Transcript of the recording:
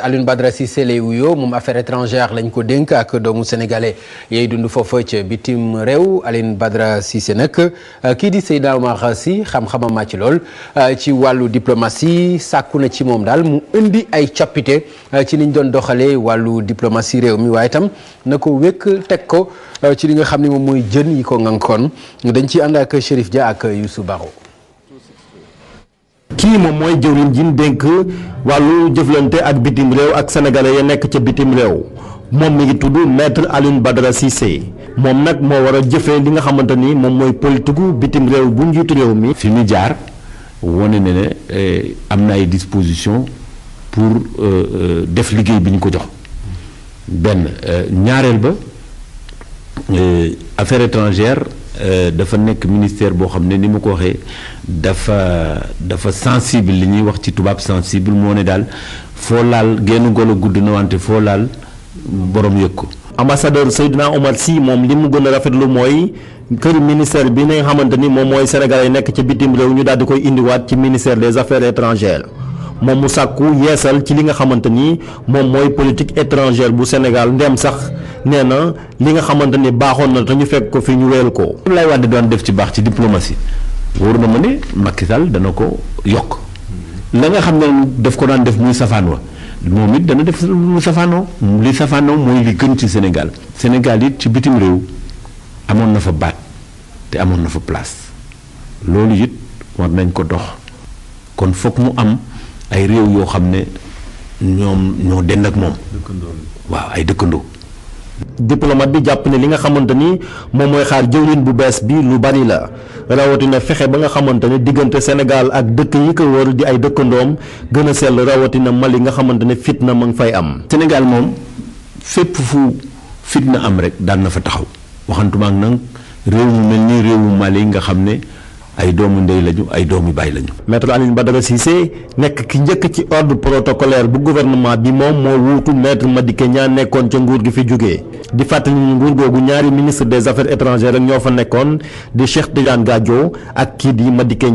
Alioune Badara Cissé lay wuyoo moom affaire étrangère lañ ko dénk ak doomu sénégalais yay dund foofa ca bitim réew Alioune Badara Cissé nag euh, kii di Seydina Omar si xam-xamam màcc lool euh, ci wàllu diplomatie sàkku na ci moom daal mu indi ay coppite euh, ci niñ doon doxalee wàllu diplomatie réew mi waaye itam na ko wékk teg ko ci li nga xam ne moom mooy jën yi ko ngankoon dañ ci ànd ak Chérif Dia ak Youssou Baro lii moom mooy jëwriñ ji dénk wàllu jëflante ak bitim réew ak sénégalais ya nekk ca bitim réew moom mi ngi tudd maître Alioune Badara Cissé moom nag moo war a jëfee li nga xamante ni moom mooy politiku bitim réew bu njiitu réew mi. fi mu jaar wane ne ne eh, am na ay disposition pour euh, euh, def liggéey bi ñu ko jox benn euh, ñaareel ba affaire étrangère. Euh, dafa nekk ministère boo xam ne ni mu ko waxee dafa dafa sensible li ñuy wax ci tubaab sensible moo ne daal foo laal genn golo guddi nawante foo laal borom yëg ko. ambassadeur Seydina Omar Sy moom li mu gën a lu mooy kër ministère bi nga xamante ni moom mooy Sénégal yi nekk ci bitim réew ñu daal di koy indiwaat ci ministère des affaires étrangères. moom mu sàkku yeesal ci li nga xamante ni moom mooy politique étrangère bu Sénégal ndem sax nee na li nga xamante ni baaxoon na te ñu fekk ko fi ñu weelu ko. li lay wax doon def ci baax ci diplomatie wóor na ma ne Macky Sall dana ko yokk la nga xam ne daf ko daan def muy safaan wa moom it dana def mu safaanoo li safaanoo mooy li gën ci senegal senegal it ci bitim réew amoon na fa baat te amoon na fa place loolu it war nañ ko dox kon foog mu am ay réew yoo xam ne ñoom ñoo dend ak moom waaw ay dëkkandoo diplomate bi jàpp ne li nga xamante ni moom mooy xaar jëwriñ bu bees bi lu bari la rawatina fexe ba nga xamante ne diggante Sénégal ak dëkk yi ko wër di ay dëkkandoom gën a sell rawatina Mali nga xamante ne fitna ma ngi fay am. Sénégal moom fépp fu fitna am rek daan na fa taxaw waxantumaak nag réew mu mel ni réewu Mali nga xam ne. ay doomu ndey lañu ay doomu baay lañu. maître Alioune Badara Cissé nekk ki njëkk ci ordre protocolaire bu gouvernement bi moom moo wuutu maître Madické Niang nekkoon ca nguur gi fi jógee di fàttali ñu nguur googu ñaari ministre des affaires étrangères ak ñoo fa nekkoon di Cheikh Tidiane Gadio ak kii di Madické